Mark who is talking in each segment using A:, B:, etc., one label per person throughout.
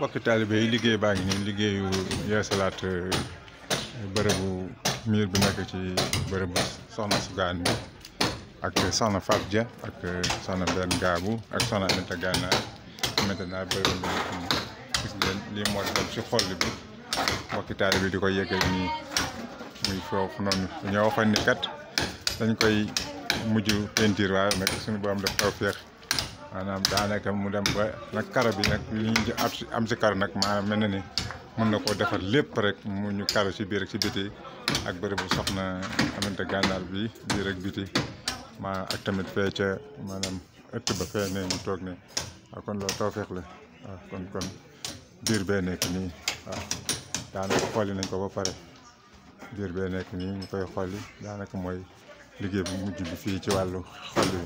A: bokk talibé yi liggéey baa ngi nii liggéeyu yeesalaat eh, bërëbu miir bi nekk ci bërëbu soxna sugaan bi ak soxna Fat Dia ak eh, soxna benn gaabu ak soxna Aminata Gànnaar maintenant bërëbu bi gis ngeen lii moo dem ci xol bi bokk talibé di ko yëgal nii muy foofu noonu ñoo waxoon ni kat dañ koy mujj peinture waaye nag suñu borom def taw féex maanaam daanaka mu dem ba nag kara bi nag li ñu am si kara nag maanaam mel na ni mën na koo defar lépp rek mu ñu kara si biir ak si biti ak bëri bu soxna amante gànnaar bi biir ak biti ma ak tamit fee ca maanaam ëtt ba fee ne mu toog ne kon loolu tawfeex la kon kon biir bee nekk nii waaw daanaka xooli nañ ko ba pare biir bee nekk nii ñu koy xooli daanaka mooy liggéey bu mujj bi fii ci wàllu xol bi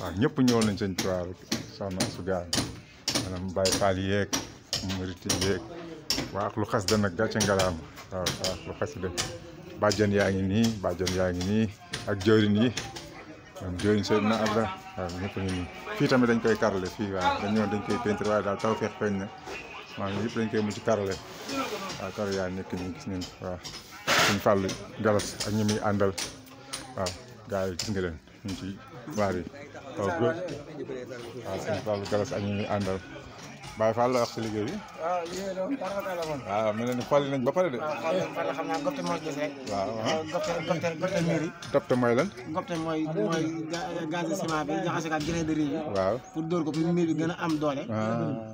A: waaw ñëpp ñëw nañ sëñ Tuubaa rek soxna su maanaam Baay Faal yeeg murit yeeg waa ak lu xas da nag gàcce ngalaam waaw waa lu xas de bàjjan yaa ngi nii bàjjan yaa ngi nii ak jëwriñ yi maanaam ñoom jëwriñ na Abda waaw ñëpp ñu nii fii tamit dañ koy karale fii waaw dañ ñëw dañ koy peintre waaye daal taw feex feeñ na maanaam yëpp dañ koy mujj karale waaw kar yaa nekk nii gis nañ waaw suñ fàllu galas ak ñi muy àndal waaw gars yi gis nga leen ñu ci waar yi waaw waaw sëñ Fallou Gallas Baye Fall la si liggéey bi.
B: waaw ah, liggéey doon dara
A: ah, mel na ni xooli nañ ba pare de. waaw ah, xooli
B: nañ ba moo gis rek. mooy lan. gopte mooy mooy gaz de ciment bi jaxase ko ak yi. waaw pour dóor ko pour miir bi gën a am doole.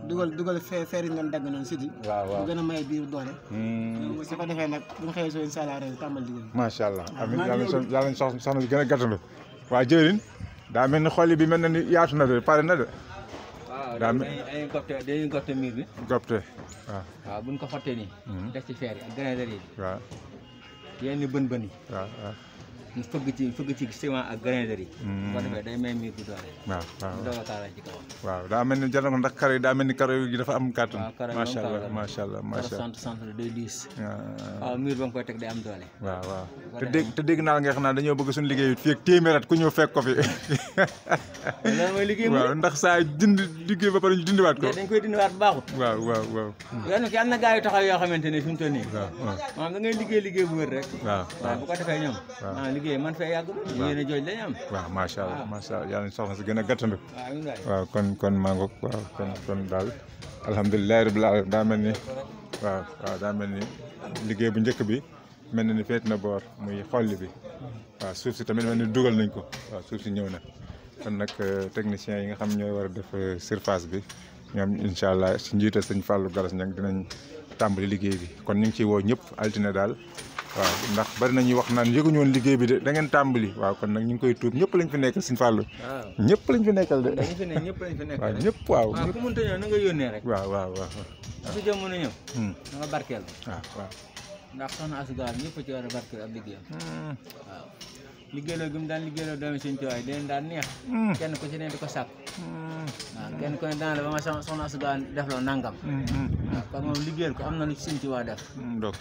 B: dugal dugal fee feer yi doon dagg noonu si di. waaw waaw gën a may biir doole.
A: Hmm.
B: su ko defee nag bu ñu xëyee soo incha allah ren tàmbali liggéey.
A: macha allah amiin yàlla nañu soxna yàlla gën a gàttandu. waa jëwriñ daa mel ni xooli bi mel na ni yaatu na de pare na de
B: daa mel waaw dañuy gopte dañuy gopte miir bi. gopte waaw. bu ñu ko xottee nii. Hmm. def ci feer yi ak grenadier yi. waaw
A: yenn bën-bën yi.
B: waaw. mfugiti mfugiti kisema agrenary wala fa day may mi ko doole
A: waaw waaw do ka la ci kaw waaw da melni jara ndax kare da melni kare gi dafa am carton ma sha Allah ma sha Allah ma sha Allah
B: 60 centre day dis waaw mur bang koy tek day am doole
A: waaw waaw te deg te deg na nga xana dañu bëgg suñu liggéey fi ak témérat ku ñew fekk ko fi
B: la moy liggéey waaw
A: ndax sa dind liggéey ba pare ñu dindi wat ko dañ koy dindi wat baxu waaw
B: waaw waaw yeen ya, ki am na gaay yu taxaw yo xamanteni fimu toni waaw da ngay liggéey liggéey bu wër rek
A: waaw bu ko defé
B: ñom liggéey man fee yàgg ba yéen a jooj lañ am
A: allah macha allah yàlla soxna si gën a gàttandiku waaw kon kon maa ngoog waaw kon kon daal alhamdulilahi rabbil alamin daa mel ni waaw mel ni liggéey bu njëkk bi mel na ni feet na boor muy xolli bi waaw suuf si tamit mel ni dugal nañ ko waaw suuf si ñëw na kon nag euh, techniciens yi nga xam ñooy war def euh, surface bi ñoom incha allah si njiital sëñ Fallou Galas Niang dinañ tàmbali liggéey bi kon ñu ngi ciy woo ñëpp altine daal waaw ndax bari na ñuy wax naan yëguñu woon liggéey bi de da ngeen waaw kon nag ñu ngi koy tuub ñëpp lañ fi nekkal Serigne Fallou ñëpp lañ fi nekkal de
B: ñëpp lañ fi nekkal waaw ñëpp waaw ku na nga yónnee rek waaw waaw waaw su jamono ñëw hmm. na nga barkeel ah, ñëpp ci war a barkeel ab liggéeyam hmm. liggéeyloo gi mu daan liggéeyloo doomi sëñ Tuubaa yi daan neex kenn ku ci ne di ko sàkk waaw kenn ku ne daan la ba nga soxna su daan def lo nangam waaw kon moom ko amna na lu ci sëñ Tuubaa def dok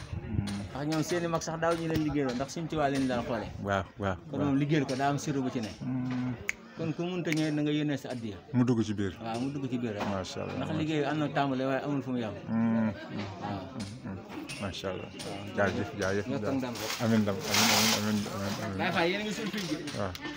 B: ak ñom hmm. i mak sax daaw ñu leen liggéeyloo ndax sëñ wa len dal xole
A: waaw waaw ko
B: moom liggéeyal ko da am siru bu ci ne kon ku ta ñëw na nga yónnee sa addiya mu dugg ci biir waaw mu dugg ci biir ma sha allah ndax liggéey amna tambale way amul fu
A: mu yem waaw macha allah jaajëf jaajëf amiin dam amiin amiin amiin amiin waaw